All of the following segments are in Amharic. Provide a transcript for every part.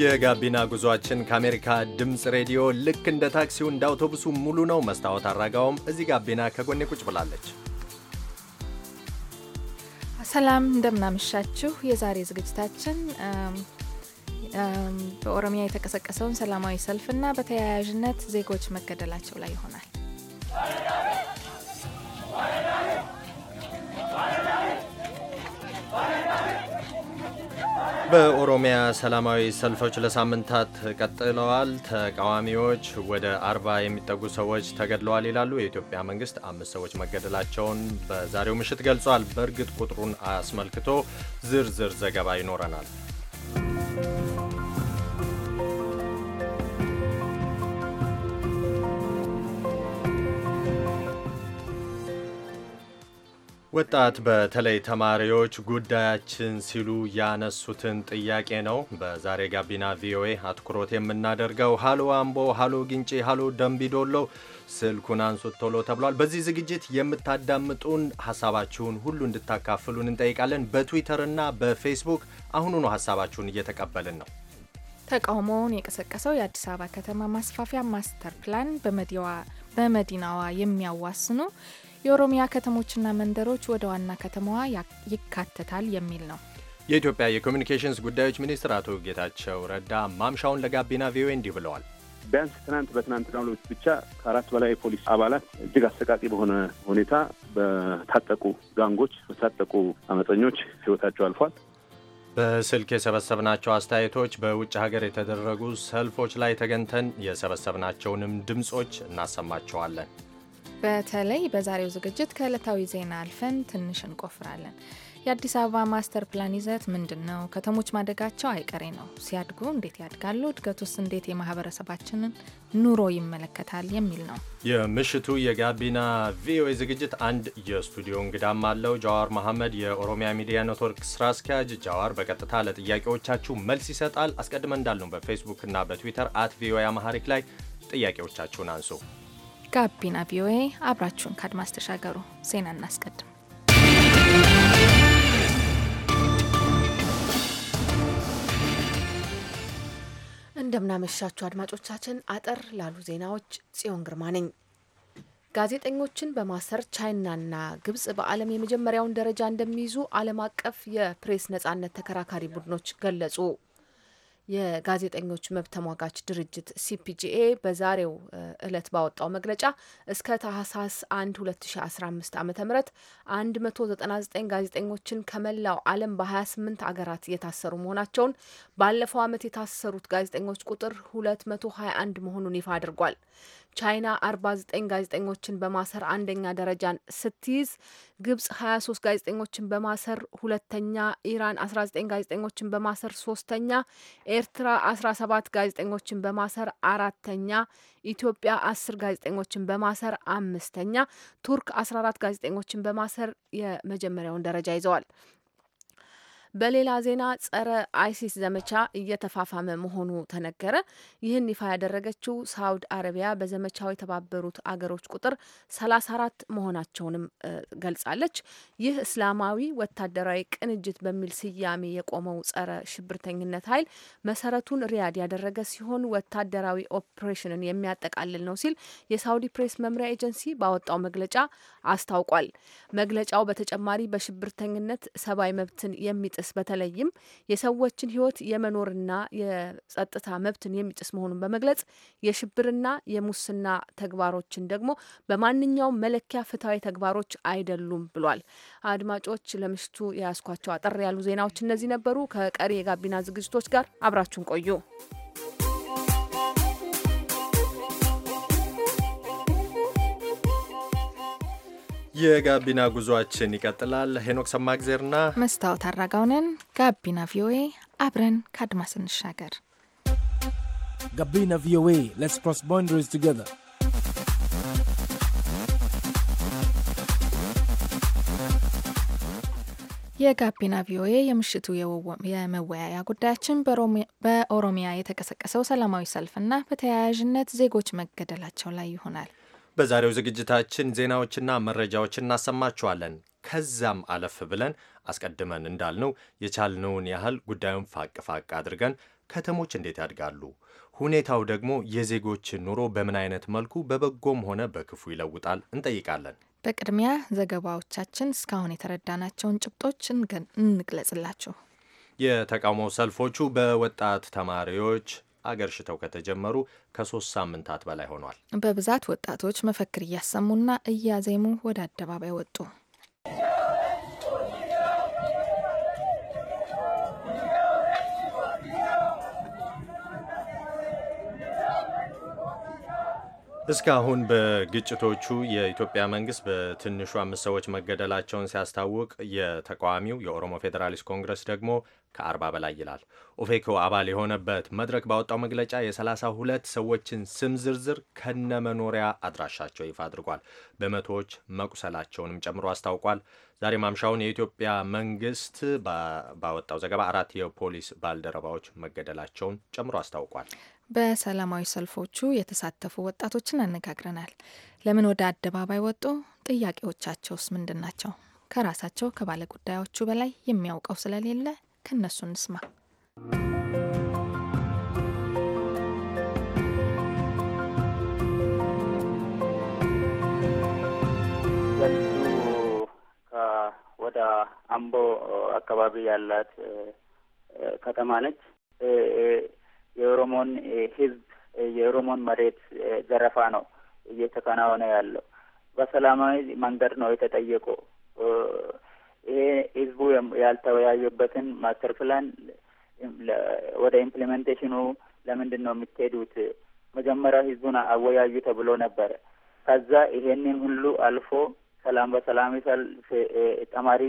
የጋቢና ጉዟችን ከአሜሪካ ድምፅ ሬዲዮ ልክ እንደ ታክሲው እንደ አውቶቡሱ ሙሉ ነው። መስታወት አራጋውም እዚህ ጋቢና ከጎኔ ቁጭ ብላለች። ሰላም እንደምናመሻችሁ። የዛሬ ዝግጅታችን በኦሮሚያ የተቀሰቀሰውን ሰላማዊ ሰልፍና በተያያዥነት ዜጎች መገደላቸው ላይ ይሆናል። በኦሮሚያ ሰላማዊ ሰልፎች ለሳምንታት ቀጥለዋል። ተቃዋሚዎች ወደ አርባ የሚጠጉ ሰዎች ተገድለዋል ይላሉ። የኢትዮጵያ መንግስት አምስት ሰዎች መገደላቸውን በዛሬው ምሽት ገልጿል። በእርግጥ ቁጥሩን አስመልክቶ ዝርዝር ዘገባ ይኖረናል። ወጣት በተለይ ተማሪዎች ጉዳያችን ሲሉ ያነሱትን ጥያቄ ነው በዛሬ ጋቢና ቪኦኤ አትኩሮት የምናደርገው። ሀሎ አምቦ፣ ሀሎ ግንጪ፣ ሀሎ ደምቢዶሎ ስልኩን አንሱት ቶሎ ተብሏል። በዚህ ዝግጅት የምታዳምጡን ሀሳባችሁን ሁሉ እንድታካፍሉን እንጠይቃለን። በትዊተርና በፌስቡክ አሁኑኑ ሀሳባችሁን እየተቀበልን ነው። ተቃውሞውን የቀሰቀሰው የአዲስ አበባ ከተማ ማስፋፊያ ማስተር ፕላን በመዲናዋ የሚያዋስኑ የኦሮሚያ ከተሞችና መንደሮች ወደ ዋና ከተማዋ ይካተታል የሚል ነው። የኢትዮጵያ የኮሚኒኬሽንስ ጉዳዮች ሚኒስትር አቶ ጌታቸው ረዳ ማምሻውን ለጋቢና ቪኦኤ እንዲህ ብለዋል። ቢያንስ ትናንት በትናንትናው ሌሊት ብቻ ከአራት በላይ የፖሊስ አባላት እጅግ አሰቃቂ በሆነ ሁኔታ በታጠቁ ጋንጎች፣ በታጠቁ አመፀኞች ህይወታቸው አልፏል። በስልክ የሰበሰብናቸው አስተያየቶች፣ በውጭ ሀገር የተደረጉ ሰልፎች ላይ ተገኝተን የሰበሰብናቸውንም ድምጾች እናሰማቸዋለን። በተለይ በዛሬው ዝግጅት ከዕለታዊ ዜና አልፈን ትንሽ እንቆፍራለን። የአዲስ አበባ ማስተር ፕላን ይዘት ምንድን ነው? ከተሞች ማደጋቸው አይቀሬ ነው። ሲያድጉ እንዴት ያድጋሉ? እድገቱስ እንዴት የማህበረሰባችንን ኑሮ ይመለከታል? የሚል ነው የምሽቱ የጋቢና ቪኦኤ ዝግጅት። አንድ የስቱዲዮ እንግዳም አለው። ጃዋር መሐመድ የኦሮሚያ ሚዲያ ኔትወርክ ስራ አስኪያጅ። ጃዋር በቀጥታ ለጥያቄዎቻችሁ መልስ ይሰጣል። አስቀድመን እንዳልነው በፌስቡክ እና በትዊተር አት ቪኦኤ አማሐሪክ ላይ ጥያቄዎቻችሁን አንሱ። ጋቢና ቪኦኤ አብራችሁን ከአድማስ ተሻገሩ። ዜና እናስቀድም። እንደምናመሻችሁ አድማጮቻችን፣ አጠር ላሉ ዜናዎች ጽዮን ግርማ ነኝ። ጋዜጠኞችን በማሰር ቻይናና ግብጽ በዓለም የመጀመሪያውን ደረጃ እንደሚይዙ ዓለም አቀፍ የፕሬስ ነጻነት ተከራካሪ ቡድኖች ገለጹ። የጋዜጠኞች መብት ተሟጋች ድርጅት ሲፒጂኤ በዛሬው እለት ባወጣው መግለጫ እስከ ታህሳስ 1 2015 ዓ ም 199 ጋዜጠኞችን ከመላው ዓለም በ28 አገራት የታሰሩ መሆናቸውን ባለፈው ዓመት የታሰሩት ጋዜጠኞች ቁጥር 221 መሆኑን ይፋ አድርጓል። ቻይና 49 ጋዜጠኞችን በማሰር አንደኛ ደረጃን ስትይዝ፣ ግብጽ 23 ጋዜጠኞችን በማሰር ሁለተኛ፣ ኢራን 19 ጋዜጠኞችን በማሰር ሶስተኛ፣ ኤርትራ 17 ጋዜጠኞችን በማሰር አራተኛ፣ ኢትዮጵያ 10 ጋዜጠኞችን በማሰር አምስተኛ፣ ቱርክ 14 ጋዜጠኞችን በማሰር የመጀመሪያውን ደረጃ ይዘዋል። በሌላ ዜና ጸረ አይሲስ ዘመቻ እየተፋፋመ መሆኑ ተነገረ። ይህን ይፋ ያደረገችው ሳውዲ አረቢያ በዘመቻው የተባበሩት አገሮች ቁጥር 34 መሆናቸውንም ገልጻለች። ይህ እስላማዊ ወታደራዊ ቅንጅት በሚል ስያሜ የቆመው ጸረ ሽብርተኝነት ኃይል መሰረቱን ሪያድ ያደረገ ሲሆን ወታደራዊ ኦፕሬሽንን የሚያጠቃልል ነው ሲል የሳውዲ ፕሬስ መምሪያ ኤጀንሲ ባወጣው መግለጫ አስታውቋል። መግለጫው በተጨማሪ በሽብርተኝነት ሰብአዊ መብትን የሚ። የሚጥስ በተለይም የሰዎችን ህይወት የመኖርና የጸጥታ መብትን የሚጥስ መሆኑን በመግለጽ የሽብርና የሙስና ተግባሮችን ደግሞ በማንኛውም መለኪያ ፍትሐዊ ተግባሮች አይደሉም ብሏል። አድማጮች ለምሽቱ የያዝኳቸው አጠር ያሉ ዜናዎች እነዚህ ነበሩ። ከቀሪ የጋቢና ዝግጅቶች ጋር አብራችሁን ቆዩ። የጋቢና ጉዟችን ይቀጥላል። ሄኖክ ሰማግዜርና መስታወት አድራጋውንን ጋቢና ቪኦኤ አብረን ከአድማስ እንሻገር። ጋቢና ቪኦኤ ሌትስ ክሮስ ቦንደሪስ ቱጌዘር የጋቢና ቪኦኤ የምሽቱ የመወያያ ጉዳያችን በኦሮሚያ የተቀሰቀሰው ሰላማዊ ሰልፍና በተያያዥነት ዜጎች መገደላቸው ላይ ይሆናል። በዛሬው ዝግጅታችን ዜናዎችና መረጃዎች እናሰማችኋለን። ከዛም አለፍ ብለን አስቀድመን እንዳልነው የቻልነውን ያህል ጉዳዩን ፋቅ ፋቅ አድርገን ከተሞች እንዴት ያድጋሉ፣ ሁኔታው ደግሞ የዜጎች ኑሮ በምን አይነት መልኩ በበጎም ሆነ በክፉ ይለውጣል እንጠይቃለን። በቅድሚያ ዘገባዎቻችን እስካሁን የተረዳናቸውን ጭብጦች እንግለጽላችሁ። የተቃውሞ ሰልፎቹ በወጣት ተማሪዎች አገርሽተው ከተጀመሩ ከሶስት ሳምንታት በላይ ሆኗል። በብዛት ወጣቶች መፈክር እያሰሙና እያዜሙ ወደ አደባባይ ወጡ። እስካሁን በግጭቶቹ የኢትዮጵያ መንግስት በትንሹ አምስት ሰዎች መገደላቸውን ሲያስታውቅ የተቃዋሚው የኦሮሞ ፌዴራሊስት ኮንግረስ ደግሞ ከአርባ በላይ ይላል። ኦፌኮ አባል የሆነበት መድረክ ባወጣው መግለጫ የሰላሳ ሁለት ሰዎችን ስም ዝርዝር ከነመኖሪያ አድራሻቸው ይፋ አድርጓል። በመቶዎች መቁሰላቸውንም ጨምሮ አስታውቋል። ዛሬ ማምሻውን የኢትዮጵያ መንግስት ባወጣው ዘገባ አራት የፖሊስ ባልደረባዎች መገደላቸውን ጨምሮ አስታውቋል። በሰላማዊ ሰልፎቹ የተሳተፉ ወጣቶችን አነጋግረናል። ለምን ወደ አደባባይ ወጡ? ጥያቄዎቻቸውስ ምንድን ናቸው? ከራሳቸው ከባለ ጉዳዮቹ በላይ የሚያውቀው ስለሌለ ከነሱ እንስማ። ወደ አምቦ አካባቢ ያላት ከተማ ነች። የኦሮሞን ህዝብ የኦሮሞን መሬት ዘረፋ ነው እየተከናወነ ያለው። በሰላማዊ መንገድ ነው የተጠየቀው። ይሄ ህዝቡ ያልተወያዩበትን ማስተር ፕላን ወደ ኢምፕሊሜንቴሽኑ ለምንድን ነው የምትሄዱት? መጀመሪያ ህዝቡን አወያዩ ተብሎ ነበረ። ከዛ ይሄንን ሁሉ አልፎ ሰላም በሰላም ሰልፍ ተማሪ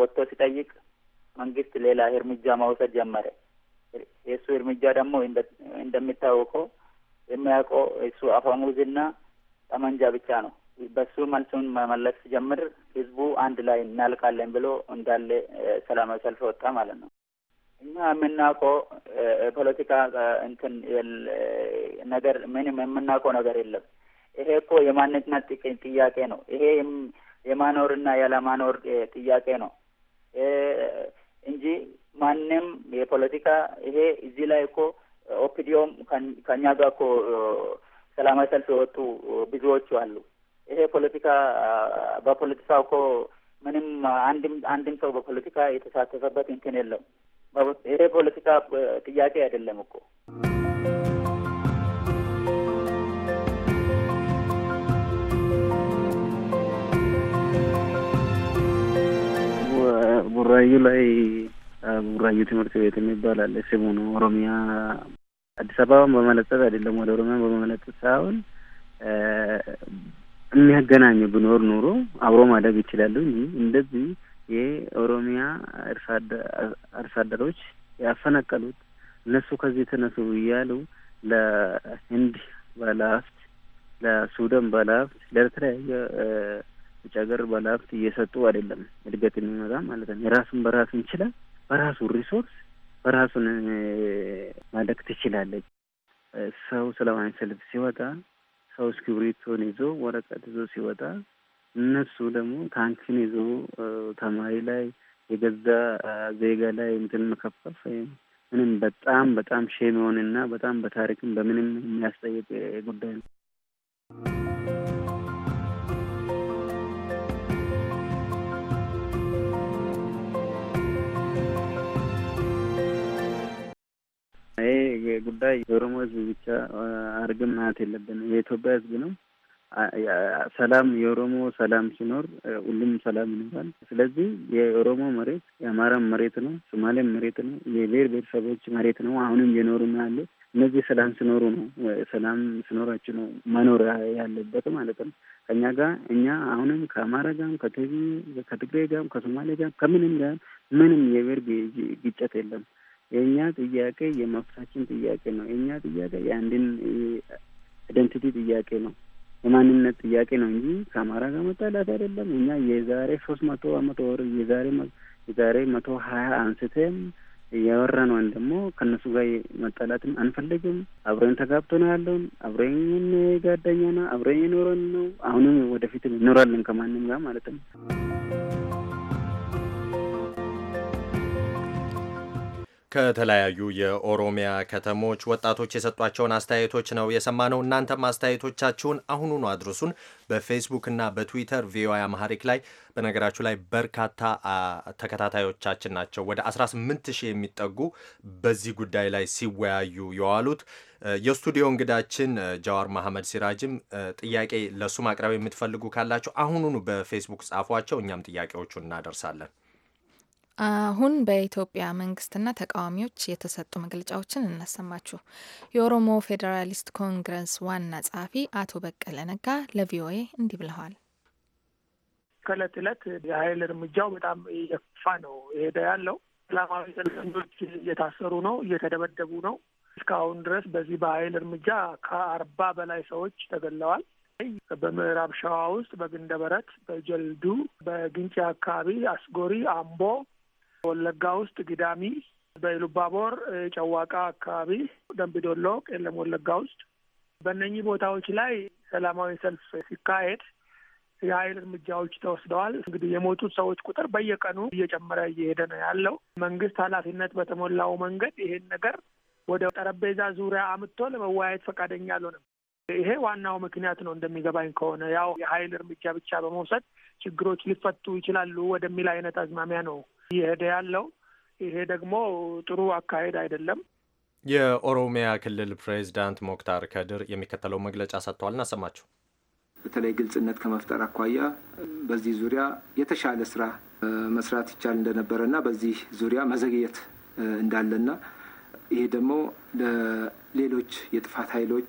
ወጥቶ ሲጠይቅ መንግስት ሌላ እርምጃ መውሰድ ጀመረ። የእሱ እርምጃ ደግሞ እንደሚታወቀው የሚያውቀው እሱ አፈሙዝና ጠመንጃ ብቻ ነው። በሱ መልሱን መመለስ ሲጀምር ህዝቡ አንድ ላይ እናልቃለን ብሎ እንዳለ ሰላማዊ ሰልፍ ወጣ ማለት ነው። እኛ የምናውቀው ፖለቲካ እንትን ነገር ምንም የምናውቀው ነገር የለም። ይሄ እኮ የማንነት ጥያቄ ነው። ይሄ የማኖርና ያለማኖር ጥያቄ ነው እንጂ ማንም የፖለቲካ ይሄ እዚህ ላይ እኮ ኦፒዲዮም ከኛ ጋር እኮ ሰላማዊ ሰልፍ የወጡ ብዙዎቹ አሉ። ይሄ ፖለቲካ በፖለቲካ እኮ ምንም አንድም አንድም ሰው በፖለቲካ የተሳተፈበት እንትን የለም። ይሄ ፖለቲካ ጥያቄ አይደለም እኮ። ቡራዩ ላይ ቡራዩ ትምህርት ቤት የሚባል አለ። ስሙ ነው ኦሮሚያ አዲስ አበባን በመለጠጥ አይደለም፣ ወደ ኦሮሚያን በመለጠጥ ሳይሆን የሚያገናኝ ብኖር ኑሮ አብሮ ማደግ ይችላሉ። እንደዚህ የኦሮሚያ አርሶ አደሮች ያፈናቀሉት እነሱ ከዚህ ተነሱ እያሉ ለህንድ ባለሀብት፣ ለሱዳን ባለሀብት፣ ለተለያየ ውጭ ሀገር ባለሀብት እየሰጡ አይደለም እድገት የሚመጣ ማለት ነው። የራሱን በራሱ ይችላል። በራሱ ሪሶርስ በራሱን ማደግ ትችላለች። ሰው ስለማይሰልፍ ሲወጣ ሰው እስክሪብቶን ይዞ ወረቀት ይዞ ሲወጣ እነሱ ደግሞ ታንኪን ይዞ ተማሪ ላይ የገዛ ዜጋ ላይ እንትን መከፈፍ ምንም በጣም በጣም ሼም የሆነና በጣም በታሪክም በምንም የሚያስጠይቅ ጉዳይ ነው። ጉዳይ የኦሮሞ ህዝብ ብቻ አርግም ማለት የለብንም። የኢትዮጵያ ህዝብ ነው። ሰላም የኦሮሞ ሰላም ሲኖር ሁሉም ሰላም ይኖራል። ስለዚህ የኦሮሞ መሬት የአማራም መሬት ነው፣ ሶማሌም መሬት ነው፣ የብሔር ብሔረሰቦች መሬት ነው። አሁንም የኖሩ ያለ እነዚህ ሰላም ሲኖሩ ነው ሰላም ሲኖራቸው ነው መኖር ያለበት ማለት ነው። ከእኛ ጋር እኛ አሁንም ከአማራ ጋርም ከትግሬ ጋርም ከሶማሌ ጋርም ከምንም ጋር ምንም የብሔር ግጭት የለም። የእኛ ጥያቄ የመብታችን ጥያቄ ነው። የእኛ ጥያቄ የአንድን አይደንቲቲ ጥያቄ ነው፣ የማንነት ጥያቄ ነው እንጂ ከአማራ ጋር መጣላት አይደለም። እኛ የዛሬ ሶስት መቶ አመት ወር የዛሬ የዛሬ መቶ ሀያ አንስተን እያወራ ነው ደግሞ ከእነሱ ጋር መጣላትም አንፈልግም። አብረን ተጋብቶ ነው ያለውን አብረን ጋደኛ ነው አብረን የኖረን ነው አሁንም ወደፊትም እኖራለን ከማንም ጋር ማለት ነው። ከተለያዩ የኦሮሚያ ከተሞች ወጣቶች የሰጧቸውን አስተያየቶች ነው የሰማነው። እናንተም አስተያየቶቻችሁን አሁኑኑ አድርሱን በፌስቡክ እና በትዊተር ቪኦኤ አማሐሪክ ላይ። በነገራችሁ ላይ በርካታ ተከታታዮቻችን ናቸው ወደ 18 ሺህ የሚጠጉ በዚህ ጉዳይ ላይ ሲወያዩ የዋሉት። የስቱዲዮ እንግዳችን ጃዋር መሐመድ ሲራጅም ጥያቄ ለሱ ማቅረብ የምትፈልጉ ካላችሁ አሁኑኑ በፌስቡክ ጻፏቸው፣ እኛም ጥያቄዎቹን እናደርሳለን። አሁን በኢትዮጵያ መንግስትና ተቃዋሚዎች የተሰጡ መግለጫዎችን እናሰማችሁ። የኦሮሞ ፌዴራሊስት ኮንግረስ ዋና ጸሐፊ አቶ በቀለ ነጋ ለቪኦኤ እንዲህ ብለዋል። ከእለት እለት የሀይል እርምጃው በጣም እየከፋ ነው የሄደ ያለው። ሰላማዊ ሰልፈኞች እየታሰሩ ነው፣ እየተደበደቡ ነው። እስካሁን ድረስ በዚህ በሀይል እርምጃ ከአርባ በላይ ሰዎች ተገለዋል። በምዕራብ ሸዋ ውስጥ በግንደበረት፣ በጀልዱ፣ በግንጭ አካባቢ፣ አስጎሪ፣ አምቦ ወለጋ ውስጥ ግዳሚ፣ በኢሉባቦር ጨዋቃ አካባቢ፣ ደንቢ ዶሎ ቄለም ወለጋ ውስጥ በእነኚህ ቦታዎች ላይ ሰላማዊ ሰልፍ ሲካሄድ የኃይል እርምጃዎች ተወስደዋል። እንግዲህ የሞቱት ሰዎች ቁጥር በየቀኑ እየጨመረ እየሄደ ነው ያለው። መንግስት ኃላፊነት በተሞላው መንገድ ይሄን ነገር ወደ ጠረጴዛ ዙሪያ አምጥቶ ለመወያየት ፈቃደኛ አልሆነም። ይሄ ዋናው ምክንያት ነው እንደሚገባኝ ከሆነ ያው የኃይል እርምጃ ብቻ በመውሰድ ችግሮች ሊፈቱ ይችላሉ ወደሚል አይነት አዝማሚያ ነው እየሄደ ያለው። ይሄ ደግሞ ጥሩ አካሄድ አይደለም። የኦሮሚያ ክልል ፕሬዚዳንት ሞክታር ከድር የሚከተለው መግለጫ ሰጥተዋል። እናሰማችሁ። በተለይ ግልጽነት ከመፍጠር አኳያ በዚህ ዙሪያ የተሻለ ስራ መስራት ይቻል እንደነበረና በዚህ ዙሪያ መዘግየት እንዳለና ይሄ ደግሞ ለሌሎች የጥፋት ኃይሎች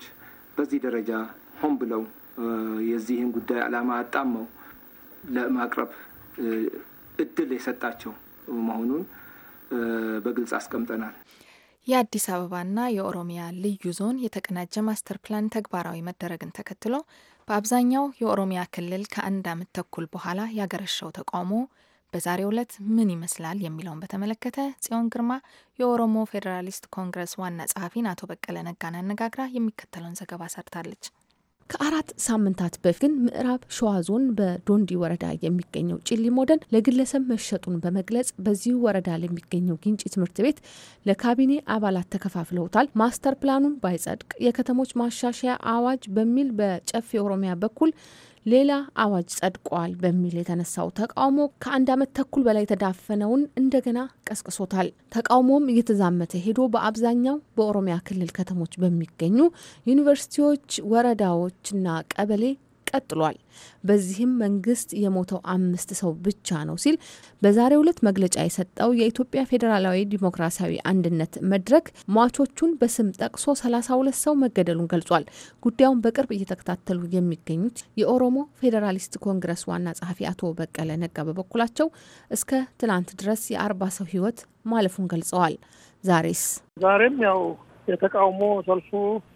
በዚህ ደረጃ ሆን ብለው የዚህን ጉዳይ ዓላማ አጣመው ለማቅረብ እድል የሰጣቸው መሆኑን በግልጽ አስቀምጠናል። የአዲስ አበባና የኦሮሚያ ልዩ ዞን የተቀናጀ ማስተር ፕላን ተግባራዊ መደረግን ተከትሎ በአብዛኛው የኦሮሚያ ክልል ከአንድ ዓመት ተኩል በኋላ ያገረሸው ተቃውሞ በዛሬው ዕለት ምን ይመስላል የሚለውን በተመለከተ ጽዮን ግርማ የኦሮሞ ፌዴራሊስት ኮንግረስ ዋና ጸሐፊን አቶ በቀለ ነጋን አነጋግራ የሚከተለውን ዘገባ ሰርታለች። ከአራት ሳምንታት በፊት ግን ምዕራብ ሸዋ ዞን በዶንዲ ወረዳ የሚገኘው ጭሊ ሞደን ለግለሰብ መሸጡን በመግለጽ በዚሁ ወረዳ ለሚገኘው ግንጭ ትምህርት ቤት ለካቢኔ አባላት ተከፋፍለውታል። ማስተር ፕላኑን ባይጸድቅ የከተሞች ማሻሻያ አዋጅ በሚል በጨፌ ኦሮሚያ በኩል ሌላ አዋጅ ጸድቋል በሚል የተነሳው ተቃውሞ ከአንድ ዓመት ተኩል በላይ የተዳፈነውን እንደገና ቀስቅሶታል። ተቃውሞም እየተዛመተ ሄዶ በአብዛኛው በኦሮሚያ ክልል ከተሞች በሚገኙ ዩኒቨርሲቲዎች፣ ወረዳዎችና ቀበሌ ቀጥሏል። በዚህም መንግስት የሞተው አምስት ሰው ብቻ ነው ሲል በዛሬው ዕለት መግለጫ የሰጠው የኢትዮጵያ ፌዴራላዊ ዲሞክራሲያዊ አንድነት መድረክ ሟቾቹን በስም ጠቅሶ 32 ሰው መገደሉን ገልጿል። ጉዳዩን በቅርብ እየተከታተሉ የሚገኙት የኦሮሞ ፌዴራሊስት ኮንግረስ ዋና ጸሐፊ አቶ በቀለ ነጋ በበኩላቸው እስከ ትናንት ድረስ የአርባ ሰው ህይወት ማለፉን ገልጸዋል። ዛሬስ ዛሬም ያው የተቃውሞ ሰልፉ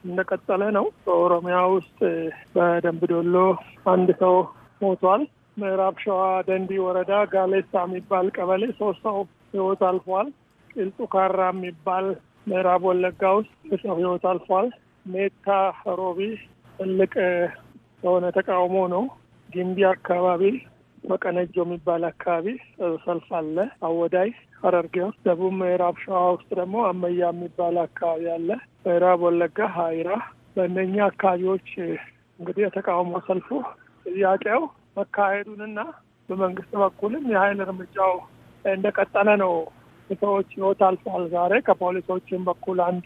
እንደቀጠለ ነው። በኦሮሚያ ውስጥ በደንብ ዶሎ አንድ ሰው ሞቷል። ምዕራብ ሸዋ ደንዲ ወረዳ ጋሌሳ የሚባል ቀበሌ ሶስት ሰው ህይወት አልፏል። ቅልጡ ካራ የሚባል ምዕራብ ወለጋ ውስጥ ሰው ህይወት አልፏል። ሜታ ሮቢ ትልቅ የሆነ ተቃውሞ ነው። ጊምቢ አካባቢ መቀነጆ የሚባል አካባቢ ሰልፍ አለ። አወዳይ፣ ሐረርጌ፣ ደቡብ ምዕራብ ሸዋ ውስጥ ደግሞ አመያ የሚባል አካባቢ አለ። ምዕራብ ወለጋ ሀይራ። በእነኛ አካባቢዎች እንግዲህ የተቃውሞ ሰልፉ ጥያቄው መካሄዱንና በመንግስት በኩልም የሀይል እርምጃው እንደቀጠለ ነው። የሰዎች ህይወት አልፏል። ዛሬ ከፖሊሶችም በኩል አንድ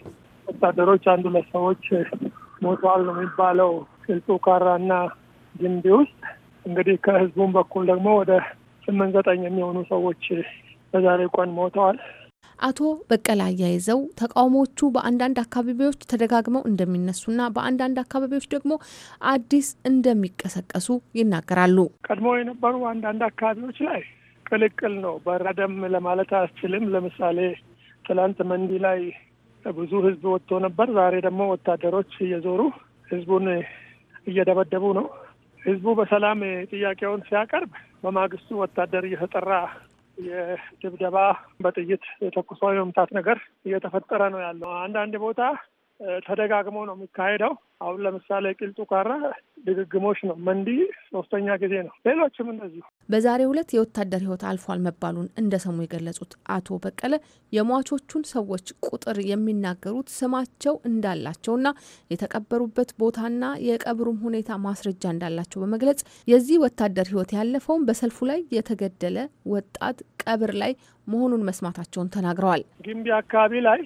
ወታደሮች አንዱ ለሰዎች ሰዎች ሞቷል ነው የሚባለው ስልጡ ካራና ግንቢ ውስጥ እንግዲህ ከህዝቡም በኩል ደግሞ ወደ ስምንት ዘጠኝ የሚሆኑ ሰዎች በዛሬ ቀን ሞተዋል። አቶ በቀላ አያይዘው ተቃውሞዎቹ በአንዳንድ አካባቢዎች ተደጋግመው እንደሚነሱና በአንዳንድ አካባቢዎች ደግሞ አዲስ እንደሚቀሰቀሱ ይናገራሉ። ቀድሞ የነበሩ አንዳንድ አካባቢዎች ላይ ቅልቅል ነው፣ በረደም ለማለት አያስችልም። ለምሳሌ ትላንት መንዲ ላይ ብዙ ህዝብ ወጥቶ ነበር። ዛሬ ደግሞ ወታደሮች እየዞሩ ህዝቡን እየደበደቡ ነው። ህዝቡ በሰላም ጥያቄውን ሲያቀርብ በማግስቱ ወታደር እየተጠራ የድብደባ በጥይት ተኩሶ የመምታት ነገር እየተፈጠረ ነው ያለው። አንዳንድ ቦታ ተደጋግሞ ነው የሚካሄደው። አሁን ለምሳሌ ቅልጡ ካረ ድግግሞች ነው። መንዲ ሶስተኛ ጊዜ ነው። ሌሎችም እንደዚሁ። በዛሬ ሁለት የወታደር ሕይወት አልፏል መባሉን እንደሰሙ የገለጹት አቶ በቀለ የሟቾቹን ሰዎች ቁጥር የሚናገሩት ስማቸው እንዳላቸውና የተቀበሩበት ቦታና የቀብሩም ሁኔታ ማስረጃ እንዳላቸው በመግለጽ የዚህ ወታደር ህይወት ያለፈውን በሰልፉ ላይ የተገደለ ወጣት ቀብር ላይ መሆኑን መስማታቸውን ተናግረዋል። ግንቢ አካባቢ ላይ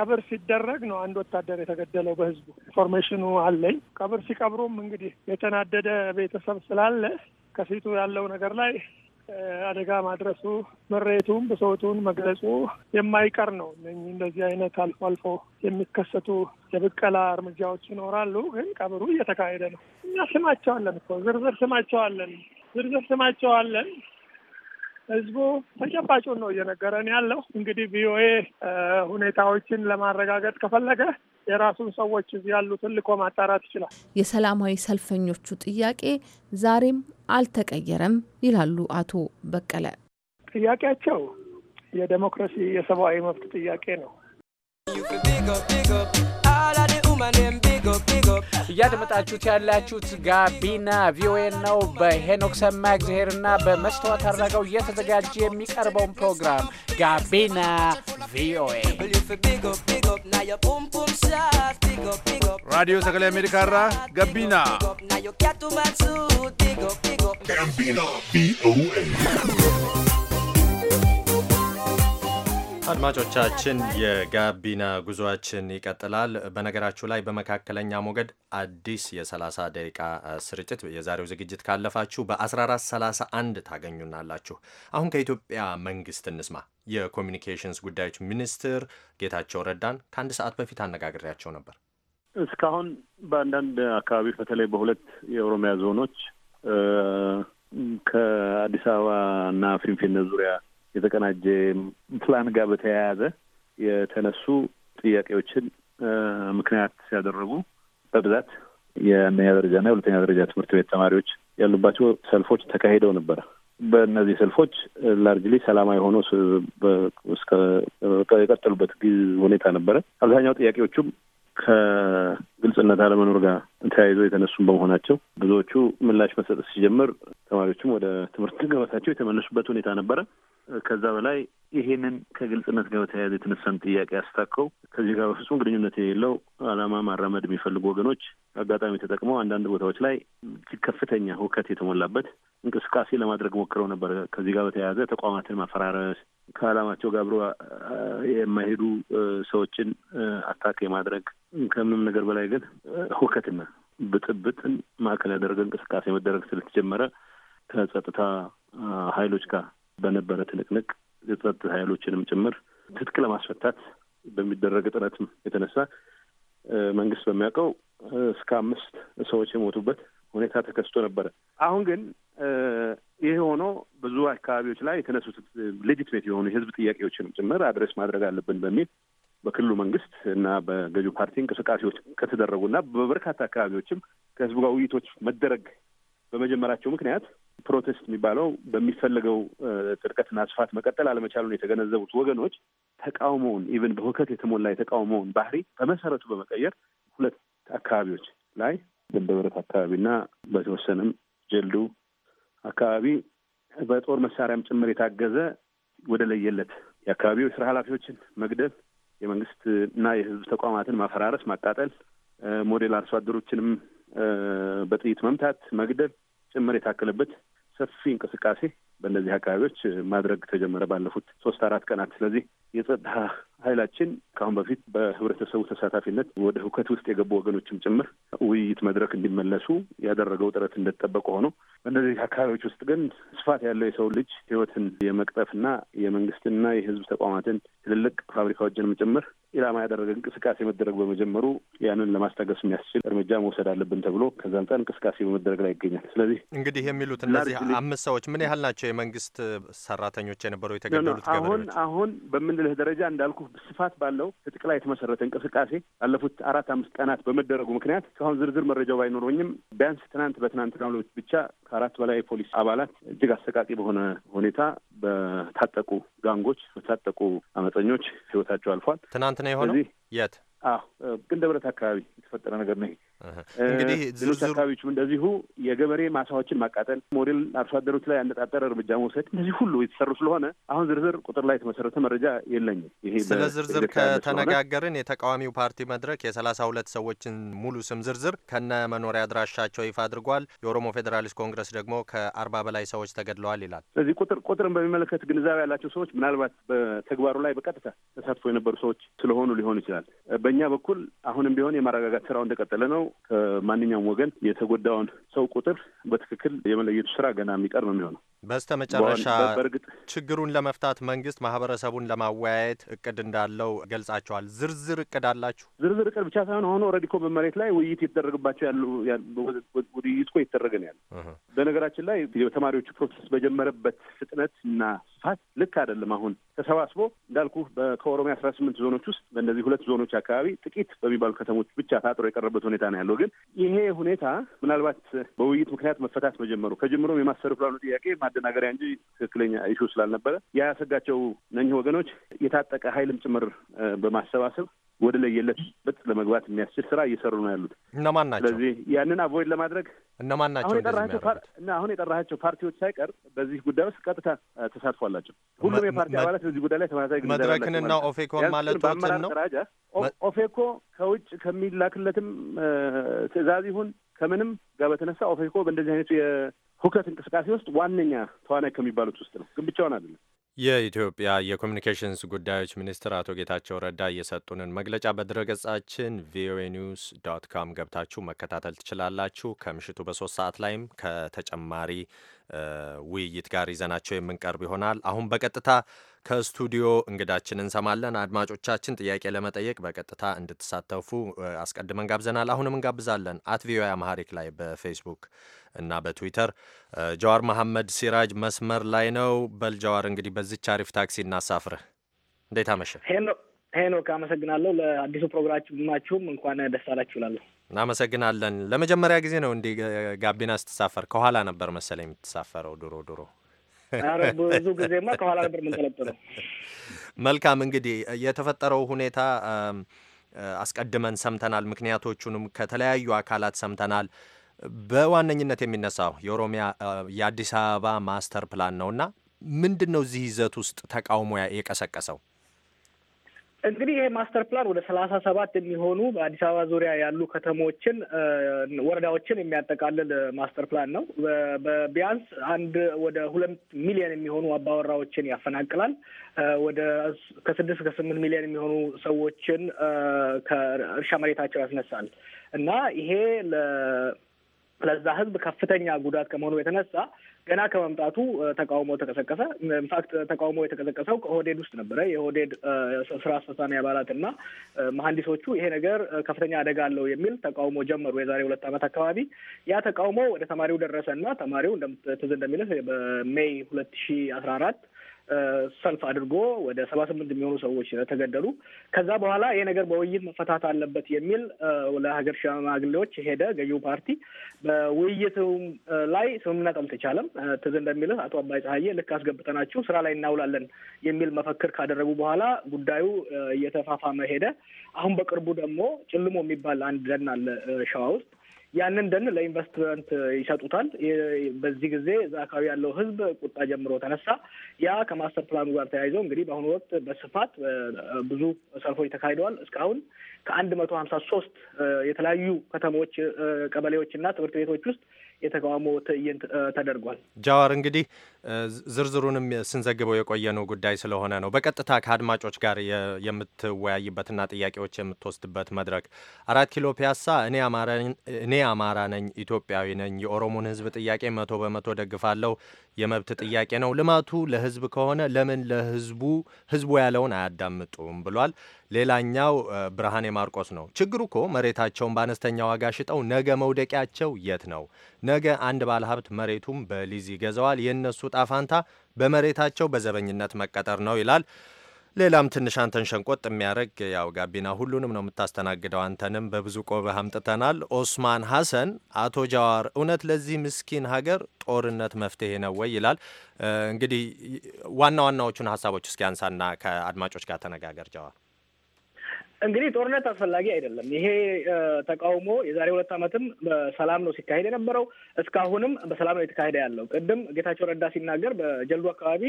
ቀብር ሲደረግ ነው አንድ ወታደር የተገደለው በህዝቡ ኢንፎርሜሽኑ አለኝ። ቀብር ሲቀብሩም እንግዲህ የተናደደ ቤተሰብ ስላለ ከፊቱ ያለው ነገር ላይ አደጋ ማድረሱ ምሬቱን፣ ብሶቱን መግለጹ የማይቀር ነው። እነኚህ እንደዚህ አይነት አልፎ አልፎ የሚከሰቱ የብቀላ እርምጃዎች ይኖራሉ። ግን ቀብሩ እየተካሄደ ነው። እኛ ስማቸዋለን እኮ ዝርዝር ስማቸዋለን ዝርዝር ስማቸዋለን ህዝቡ ተጨባጩን ነው እየነገረን ያለው። እንግዲህ ቪኦኤ ሁኔታዎችን ለማረጋገጥ ከፈለገ የራሱን ሰዎች እዚህ ያሉትን ልኮ ማጣራት ይችላል። የሰላማዊ ሰልፈኞቹ ጥያቄ ዛሬም አልተቀየረም ይላሉ አቶ በቀለ። ጥያቄያቸው የዴሞክራሲ የሰብአዊ መብት ጥያቄ ነው። እያደመጣችሁት ያላችሁት ጋቢና ቪኦኤ ነው። በሄኖክ ሰማ እግዚአብሔርና በመስተዋት አድረገው እየተዘጋጀ የሚቀርበውን ፕሮግራም ጋቢና ቪኦኤ ራዲዮ አሜሪካ ራ ጋቢና ጋቢና ቪኦኤ አድማጮቻችን የጋቢና ጉዞአችን ይቀጥላል። በነገራችሁ ላይ በመካከለኛ ሞገድ አዲስ የ30 ደቂቃ ስርጭት የዛሬው ዝግጅት ካለፋችሁ በ1431 ታገኙናላችሁ። አሁን ከኢትዮጵያ መንግስት እንስማ። የኮሚኒኬሽንስ ጉዳዮች ሚኒስትር ጌታቸው ረዳን ከአንድ ሰዓት በፊት አነጋግሬያቸው ነበር። እስካሁን በአንዳንድ አካባቢ በተለይ በሁለት የኦሮሚያ ዞኖች ከአዲስ አበባና ፊንፊነ ዙሪያ የተቀናጀ ፕላን ጋር በተያያዘ የተነሱ ጥያቄዎችን ምክንያት ሲያደረጉ በብዛት የአንደኛ ደረጃና የሁለተኛ ደረጃ ትምህርት ቤት ተማሪዎች ያሉባቸው ሰልፎች ተካሂደው ነበረ። በእነዚህ ሰልፎች ላርጅሊ ሰላማዊ ሆኖ የቀጠሉበት ሁኔታ ነበረ። አብዛኛው ጥያቄዎቹም ከግልጽነት አለመኖር ጋር ተያይዞ የተነሱም በመሆናቸው ብዙዎቹ ምላሽ መሰጠት ሲጀምር ተማሪዎችም ወደ ትምህርት ገበታቸው የተመለሱበት ሁኔታ ነበረ። ከዛ በላይ ይሄንን ከግልጽነት ጋር በተያያዘ የተነሳን ጥያቄ ያስታከው ከዚህ ጋር በፍጹም ግንኙነት የሌለው ዓላማ ማራመድ የሚፈልጉ ወገኖች አጋጣሚ ተጠቅመው አንዳንድ ቦታዎች ላይ እጅግ ከፍተኛ ሁከት የተሞላበት እንቅስቃሴ ለማድረግ ሞክረው ነበር። ከዚህ ጋር በተያያዘ ተቋማትን ማፈራረስ፣ ከዓላማቸው ጋር አብሮ የማይሄዱ ሰዎችን አታክ የማድረግ ከምንም ነገር በላይ ግን ሁከትና ብጥብጥን ማዕከል ያደረገ እንቅስቃሴ መደረግ ስለተጀመረ ከጸጥታ ኃይሎች ጋር በነበረ ትንቅንቅ የጸጥታ ኃይሎችንም ጭምር ትጥቅ ለማስፈታት በሚደረግ ጥረትም የተነሳ መንግስት በሚያውቀው እስከ አምስት ሰዎች የሞቱበት ሁኔታ ተከስቶ ነበረ። አሁን ግን ይህ ሆኖ ብዙ አካባቢዎች ላይ የተነሱት ሌጂትሜት የሆኑ የህዝብ ጥያቄዎችንም ጭምር አድሬስ ማድረግ አለብን በሚል በክልሉ መንግስት እና በገዢው ፓርቲ እንቅስቃሴዎች ከተደረጉ እና በበርካታ አካባቢዎችም ከህዝቡ ጋር ውይይቶች መደረግ በመጀመራቸው ምክንያት ፕሮቴስት የሚባለው በሚፈለገው ጥልቀትና ስፋት መቀጠል አለመቻሉን የተገነዘቡት ወገኖች ተቃውሞውን ኢቨን በሁከት የተሞላ የተቃውሞውን ባህሪ በመሰረቱ በመቀየር ሁለት አካባቢዎች ላይ ደንበበረት አካባቢና በተወሰነም ጀልዱ አካባቢ በጦር መሳሪያም ጭምር የታገዘ ወደ ለየለት የአካባቢው የስራ ኃላፊዎችን መግደል የመንግስት እና የህዝብ ተቋማትን ማፈራረስ፣ ማቃጠል፣ ሞዴል አርሶ አደሮችንም በጥይት መምታት፣ መግደል ጭምር የታከለበት ሰፊ እንቅስቃሴ በእነዚህ አካባቢዎች ማድረግ ተጀመረ ባለፉት ሶስት አራት ቀናት። ስለዚህ የጸጥታ ኃይላችን ከአሁን በፊት በህብረተሰቡ ተሳታፊነት ወደ ሁከት ውስጥ የገቡ ወገኖችም ጭምር ውይይት መድረክ እንዲመለሱ ያደረገው ጥረት እንደተጠበቀ ሆኖ በእነዚህ አካባቢዎች ውስጥ ግን ስፋት ያለው የሰው ልጅ ህይወትን የመቅጠፍና የመንግስትና የህዝብ ተቋማትን ትልልቅ ፋብሪካዎችንም ጭምር ኢላማ ያደረገ እንቅስቃሴ መደረግ በመጀመሩ ያንን ለማስታገስ የሚያስችል እርምጃ መውሰድ አለብን ተብሎ ከዛ አንጻር እንቅስቃሴ በመደረግ ላይ ይገኛል። ስለዚህ እንግዲህ የሚሉት እነዚህ አምስት ሰዎች ምን ያህል ናቸው? የመንግስት ሰራተኞች የነበሩ የተገደሉት አሁን አሁን በምንልህ ደረጃ እንዳልኩ ስፋት ባለው ትጥቅ ላይ የተመሰረተ እንቅስቃሴ ባለፉት አራት አምስት ቀናት በመደረጉ ምክንያት እስካሁን ዝርዝር መረጃው ባይኖረኝም ቢያንስ ትናንት በትናንትናው ሌሊት ብቻ ከአራት በላይ የፖሊስ አባላት እጅግ አሰቃቂ በሆነ ሁኔታ በታጠቁ ጋንጎች በታጠቁ አመፀኞች ህይወታቸው አልፏል። ትናንት ነው የሆነው። የት? አዎ፣ ግን ደብረት አካባቢ የተፈጠረ ነገር ነው። እንግዲህ ሌሎች አካባቢዎችም እንደዚሁ የገበሬ ማሳዎችን ማቃጠል፣ ሞዴል አርሶ አደሮች ላይ ያነጣጠረ እርምጃ መውሰድ፣ እነዚህ ሁሉ የተሰሩ ስለሆነ አሁን ዝርዝር ቁጥር ላይ የተመሰረተ መረጃ የለኝም። ይሄ ስለ ዝርዝር ከተነጋገርን የተቃዋሚው ፓርቲ መድረክ የሰላሳ ሁለት ሰዎችን ሙሉ ስም ዝርዝር ከነ መኖሪያ አድራሻቸው ይፋ አድርጓል። የኦሮሞ ፌዴራሊስት ኮንግረስ ደግሞ ከአርባ በላይ ሰዎች ተገድለዋል ይላል። ስለዚህ ቁጥር ቁጥርን በሚመለከት ግንዛቤ ያላቸው ሰዎች ምናልባት በተግባሩ ላይ በቀጥታ ተሳትፎ የነበሩ ሰዎች ስለሆኑ ሊሆን ይችላል። በእኛ በኩል አሁንም ቢሆን የማረጋጋት ስራው እንደቀጠለ ነው። ከማንኛውም ወገን የተጎዳውን ሰው ቁጥር በትክክል የመለየቱ ስራ ገና የሚቀር ነው የሚሆነው። በስተ መጨረሻ ችግሩን ለመፍታት መንግስት ማህበረሰቡን ለማወያየት እቅድ እንዳለው ገልጻቸዋል። ዝርዝር እቅድ አላችሁ? ዝርዝር እቅድ ብቻ ሳይሆን አሁን ኦልሬዲ እኮ በመሬት ላይ ውይይት የተደረገባቸው ያሉ ውይይት እኮ የተደረገ ነው ያለ። በነገራችን ላይ የተማሪዎቹ ፕሮሰስ በጀመረበት ፍጥነት እና ስፋት ልክ አይደለም። አሁን ተሰባስቦ እንዳልኩ ከኦሮሚያ አስራ ስምንት ዞኖች ውስጥ በእነዚህ ሁለት ዞኖች አካባቢ ጥቂት በሚባሉ ከተሞች ብቻ ታጥሮ የቀረበት ሁኔታ ነው ያለው። ግን ይሄ ሁኔታ ምናልባት በውይይት ምክንያት መፈታት መጀመሩ ከጀምሮም የማሰሩ ፕላኑ ጥያቄ ማደናገሪያ እንጂ ትክክለኛ ኢሹ ስላልነበረ ያያሰጋቸው እነኚህ ወገኖች የታጠቀ ኃይልም ጭምር በማሰባሰብ ወደ ላይ ብጥ ለመግባት የሚያስችል ስራ እየሰሩ ነው ያሉት። እነማን ናቸው? ስለዚህ ያንን አቮይድ ለማድረግ እነማን ናቸው? አሁን የጠራሃቸው ፓርቲዎች ሳይቀር በዚህ ጉዳይ ውስጥ ቀጥታ ተሳትፎ ሁሉም የፓርቲ አባላት በዚህ ጉዳይ ላይ ተመሳሳይ መድረክንና ኦፌኮን ማለት ነው። ደረጃ ኦፌኮ ከውጭ ከሚላክለትም ትዕዛዝ ይሁን ከምንም ጋር በተነሳ ኦፌኮ በእንደዚህ አይነቱ ሁከት እንቅስቃሴ ውስጥ ዋነኛ ተዋናይ ከሚባሉት ውስጥ ነው፣ ግን ብቻውን አይደለም። የኢትዮጵያ የኮሚኒኬሽንስ ጉዳዮች ሚኒስትር አቶ ጌታቸው ረዳ እየሰጡንን መግለጫ በድረገጻችን ቪኦኤ ኒውስ ዶት ካም ገብታችሁ መከታተል ትችላላችሁ። ከምሽቱ በሶስት ሰዓት ላይም ከተጨማሪ ውይይት ጋር ይዘናቸው የምንቀርብ ይሆናል። አሁን በቀጥታ ከስቱዲዮ እንግዳችን እንሰማለን። አድማጮቻችን ጥያቄ ለመጠየቅ በቀጥታ እንድትሳተፉ አስቀድመን ጋብዘናል። አሁንም እንጋብዛለን። አት ቪኦኤ አማሃሪክ ላይ በፌስቡክ እና በትዊተር ጀዋር መሐመድ ሲራጅ መስመር ላይ ነው። በል ጀዋር፣ እንግዲህ በዚች አሪፍ ታክሲ እናሳፍርህ። እንዴት አመሸ ሄኖክ? አመሰግናለሁ። ለአዲሱ ፕሮግራማችሁም እንኳን ደስ አላችሁ እላለሁ። እናመሰግናለን። ለመጀመሪያ ጊዜ ነው እንዲህ ጋቢና ስትሳፈር? ከኋላ ነበር መሰለኝ የምትሳፈረው ድሮ ድሮ ኧረ ብዙ ጊዜማ ከኋላ ነበር የምንጠለጥለው። መልካም እንግዲህ የተፈጠረው ሁኔታ አስቀድመን ሰምተናል። ምክንያቶቹንም ከተለያዩ አካላት ሰምተናል። በዋነኝነት የሚነሳው የኦሮሚያ የአዲስ አበባ ማስተር ፕላን ነውና ምንድን ነው እዚህ ይዘት ውስጥ ተቃውሞ የቀሰቀሰው? እንግዲህ ይሄ ማስተር ፕላን ወደ ሰላሳ ሰባት የሚሆኑ በአዲስ አበባ ዙሪያ ያሉ ከተሞችን ወረዳዎችን የሚያጠቃልል ማስተር ፕላን ነው። በቢያንስ አንድ ወደ ሁለት ሚሊዮን የሚሆኑ አባወራዎችን ያፈናቅላል። ወደ ከስድስት ከስምንት ሚሊዮን የሚሆኑ ሰዎችን ከእርሻ መሬታቸው ያስነሳል እና ይሄ ለዛ ህዝብ ከፍተኛ ጉዳት ከመሆኑ የተነሳ ገና ከመምጣቱ ተቃውሞ ተቀሰቀሰ። ኢንፋክት ተቃውሞ የተቀሰቀሰው ከኦህዴድ ውስጥ ነበረ። የኦህዴድ uh, ስራ አስፈጻሚ አባላት እና uh, መሀንዲሶቹ ይሄ ነገር uh, ከፍተኛ አደጋ አለው የሚል ተቃውሞ ጀመሩ። የዛሬ ሁለት ዓመት አካባቢ ያ ተቃውሞ ወደ ተማሪው ደረሰ እና ተማሪው ትዝ እንደሚለስ በሜይ ሁለት ሺ አስራ አራት ሰልፍ አድርጎ ወደ ሰባ ስምንት የሚሆኑ ሰዎች ተገደሉ። ከዛ በኋላ ይሄ ነገር በውይይት መፈታት አለበት የሚል ለሀገር ሽማግሌዎች ሄደ ገዢው ፓርቲ። በውይይቱ ላይ ስምምነት አልተቻለም። ትዝ እንደሚልህ አቶ አባይ ፀሐዬ ልክ አስገብተናችሁ ስራ ላይ እናውላለን የሚል መፈክር ካደረጉ በኋላ ጉዳዩ እየተፋፋመ ሄደ። አሁን በቅርቡ ደግሞ ጭልሞ የሚባል አንድ ደን አለ ሸዋ ውስጥ ያንን ደን ለኢንቨስትመንት ይሰጡታል። በዚህ ጊዜ እዛ አካባቢ ያለው ህዝብ ቁጣ ጀምሮ ተነሳ። ያ ከማስተር ፕላኑ ጋር ተያይዞ እንግዲህ በአሁኑ ወቅት በስፋት ብዙ ሰልፎች ተካሂደዋል። እስካሁን ከአንድ መቶ ሀምሳ ሶስት የተለያዩ ከተሞች፣ ቀበሌዎች እና ትምህርት ቤቶች ውስጥ የተቃውሞ ትዕይንት ተደርጓል። ጃዋር፣ እንግዲህ ዝርዝሩንም ስንዘግበው የቆየ ነው ጉዳይ ስለሆነ ነው በቀጥታ ከአድማጮች ጋር የምትወያይበትና ጥያቄዎች የምትወስድበት መድረክ አራት ኪሎ ፒያሳ። እኔ አማራ ነኝ፣ ኢትዮጵያዊ ነኝ፣ የኦሮሞን ህዝብ ጥያቄ መቶ በመቶ ደግፋለሁ፣ የመብት ጥያቄ ነው። ልማቱ ለህዝብ ከሆነ ለምን ለህዝቡ ህዝቡ ያለውን አያዳምጡም ብሏል። ሌላኛው ብርሃኔ ማርቆስ ነው። ችግሩ እኮ መሬታቸውን በአነስተኛ ዋጋ ሽጠው ነገ መውደቂያቸው የት ነው? ነገ አንድ ባለሀብት መሬቱም በሊዝ ይገዛዋል። የእነሱ ጣፋንታ በመሬታቸው በዘበኝነት መቀጠር ነው ይላል። ሌላም ትንሽ አንተን ሸንቆጥ የሚያደርግ ያው ጋቢና ሁሉንም ነው የምታስተናግደው። አንተንም በብዙ ቆብህ አምጥተናል። ኦስማን ሀሰን አቶ ጃዋር እውነት ለዚህ ምስኪን ሀገር ጦርነት መፍትሄ ነው ወይ ይላል። እንግዲህ ዋና ዋናዎቹን ሀሳቦች እስኪ አንሳና ከአድማጮች ጋር ተነጋገር ጃዋር። እንግዲህ ጦርነት አስፈላጊ አይደለም። ይሄ ተቃውሞ የዛሬ ሁለት ዓመትም በሰላም ነው ሲካሄድ የነበረው፣ እስካሁንም በሰላም ነው የተካሄደ ያለው። ቅድም ጌታቸው ረዳ ሲናገር በጀልዱ አካባቢ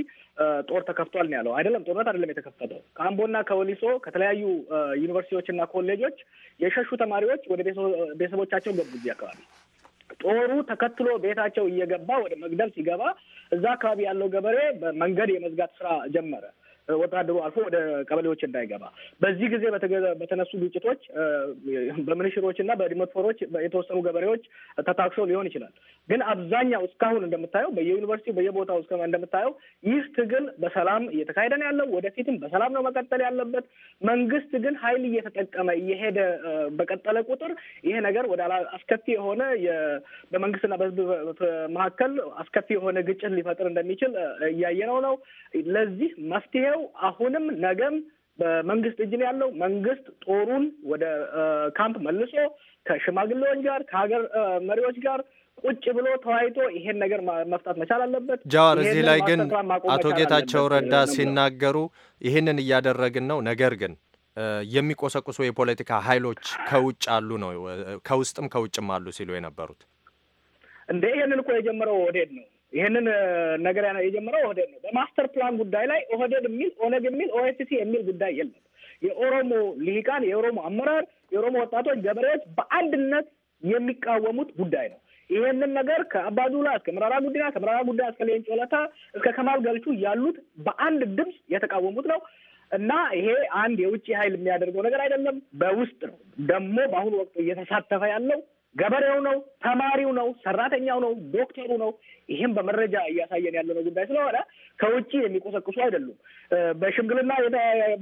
ጦር ተከፍቷል ነው ያለው። አይደለም ጦርነት አይደለም የተከፈተው። ከአምቦና ከወሊሶ ከተለያዩ ዩኒቨርሲቲዎችና ኮሌጆች የሸሹ ተማሪዎች ወደ ቤተሰቦቻቸው ገቡ። እዚህ አካባቢ ጦሩ ተከትሎ ቤታቸው እየገባ ወደ መግደል ሲገባ እዛ አካባቢ ያለው ገበሬ በመንገድ የመዝጋት ስራ ጀመረ። ወታደሩ አልፎ ወደ ቀበሌዎች እንዳይገባ በዚህ ጊዜ በተነሱ ግጭቶች በምንሽሮች እና በዲሞትፎሮች የተወሰኑ ገበሬዎች ተታክሶ ሊሆን ይችላል። ግን አብዛኛው እስካሁን እንደምታየው በየዩኒቨርሲቲው በየቦታው እንደምታየው ይህ ትግል በሰላም እየተካሄደ ነው ያለው። ወደፊትም በሰላም ነው መቀጠል ያለበት። መንግስት ግን ኃይል እየተጠቀመ እየሄደ በቀጠለ ቁጥር ይሄ ነገር ወደ አስከፊ የሆነ በመንግስትና በህዝብ መካከል አስከፊ የሆነ ግጭት ሊፈጥር እንደሚችል እያየነው ነው። ለዚህ መፍትሄ ይሄው አሁንም ነገም በመንግስት እጅ ነው ያለው። መንግስት ጦሩን ወደ ካምፕ መልሶ ከሽማግሌዎች ጋር ከሀገር መሪዎች ጋር ቁጭ ብሎ ተወያይቶ ይሄን ነገር መፍታት መቻል አለበት። ጃዋር፣ እዚህ ላይ ግን አቶ ጌታቸው ረዳ ሲናገሩ ይህንን እያደረግን ነው፣ ነገር ግን የሚቆሰቁሱ የፖለቲካ ኃይሎች ከውጭ አሉ ነው ከውስጥም ከውጭም አሉ ሲሉ የነበሩት እንደ ይህንን እኮ የጀመረው ወዴት ነው ይህንን ነገር የጀመረው ኦህዴድ ነው። በማስተር ፕላን ጉዳይ ላይ ኦህዴድ የሚል ኦነግ የሚል ኦኤስሲ የሚል ጉዳይ የለም። የኦሮሞ ልሂቃን፣ የኦሮሞ አመራር፣ የኦሮሞ ወጣቶች፣ ገበሬዎች በአንድነት የሚቃወሙት ጉዳይ ነው። ይህንን ነገር ከአባዱላ እስከ ምራራ ጉዲና ከምራራ ጉዲና እስከ ሌንጮ ለታ እስከ ከማል ገልቹ ያሉት በአንድ ድምፅ የተቃወሙት ነው እና ይሄ አንድ የውጭ ኃይል የሚያደርገው ነገር አይደለም። በውስጥ ነው ደግሞ በአሁኑ ወቅት እየተሳተፈ ያለው ገበሬው ነው፣ ተማሪው ነው፣ ሰራተኛው ነው፣ ዶክተሩ ነው። ይህም በመረጃ እያሳየን ያለነው ጉዳይ ስለሆነ ከውጭ የሚቆሰቅሱ አይደሉም። በሽምግልና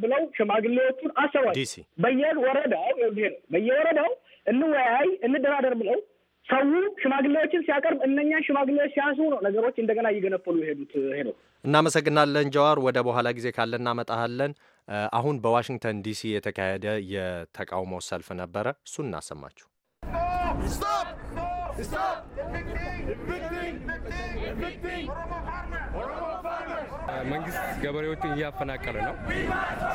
ብለው ሽማግሌዎቹን አሰባቸው። በየወረዳው ነው በየወረዳው እንወያይ እንደራደር ብለው ሰው ሽማግሌዎችን ሲያቀርብ እነኛን ሽማግሌዎች ሲያንሱ ነው ነገሮች እንደገና እየገነፈሉ የሄዱት። ነው። እናመሰግናለን ጀዋር። ወደ በኋላ ጊዜ ካለ እናመጣሃለን። አሁን በዋሽንግተን ዲሲ የተካሄደ የተቃውሞ ሰልፍ ነበረ፣ እሱን እናሰማችሁ። Stop! Stop! Evicting! Evicting! Evicting! Evicting! መንግስት ገበሬዎችን እያፈናቀለ ነው።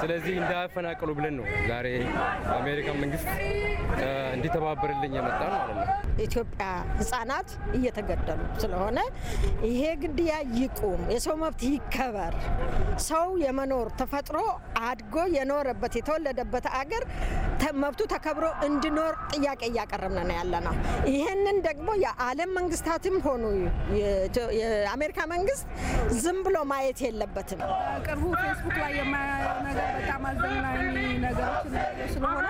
ስለዚህ እንዳያፈናቀሉ ብለን ነው ዛሬ አሜሪካን መንግስት እንዲተባበርልኝ የመጣ ማለት ነው። ኢትዮጵያ ህጻናት እየተገደሉ ስለሆነ ይሄ ግድያ ይቁም፣ የሰው መብት ይከበር። ሰው የመኖር ተፈጥሮ አድጎ የኖረበት የተወለደበት አገር መብቱ ተከብሮ እንዲኖር ጥያቄ እያቀረብን ነው ያለ ነው። ይህንን ደግሞ የዓለም መንግስታትም ሆኑ የአሜሪካ መንግስት ዝም ብሎ ማየት የለ የለበትም። ቅርቡ ፌስቡክ ላይ የማየው ነገር በጣም አዘናኝ ነገሮች ስለሆነ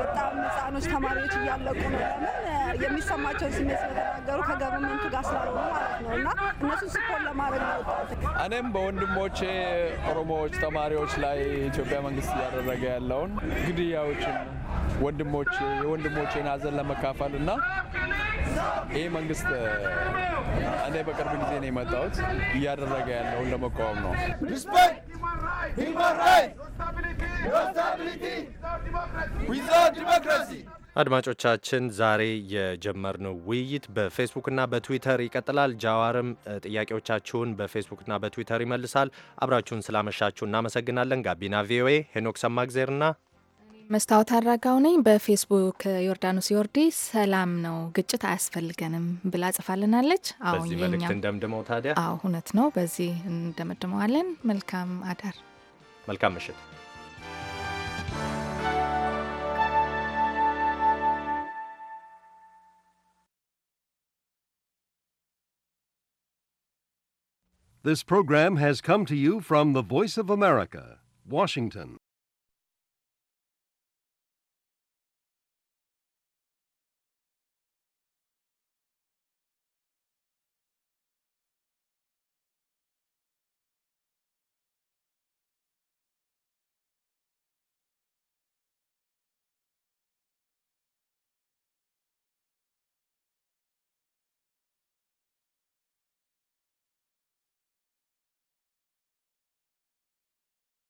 በጣም ህጻኖች ተማሪዎች እያለቁ ነው። ለምን የሚሰማቸውን ስሜት ስለተናገሩ ከገቨርንመንቱ ጋር ስላልሆኑ ማለት ነው። እና እነሱ ስፖርት ለማድረግ ነው። እኔም በወንድሞቼ ኦሮሞዎች ተማሪዎች ላይ ኢትዮጵያ መንግስት እያደረገ ያለውን ግድያዎችን ወንድሞች የወንድሞቼን ሀዘን ለመካፈል እና ይህ መንግስት እኔ በቅርብ ጊዜ ነው የመጣሁት እያደረገ ያለውን ለመቃወም ነው። አድማጮቻችን ዛሬ የጀመርነው ውይይት በፌስቡክና በትዊተር ይቀጥላል። ጃዋርም ጥያቄዎቻችሁን በፌስቡክና በትዊተር ይመልሳል። አብራችሁን ስላመሻችሁ እናመሰግናለን። ጋቢና ቪኦኤ ሄኖክ ሰማግዜርና መስታወት አድራጋው ነኝ። በፌስቡክ ዮርዳኖስ ዮርዲ ሰላም ነው ግጭት አያስፈልገንም ብላ ጽፋልናለች። በዚህ መልእክት እንደምድመው ታዲያ። አዎ እውነት ነው። በዚህ እንደምድመዋለን። መልካም አዳር፣ መልካም ምሽት። This program has come to you from the Voice of America, Washington.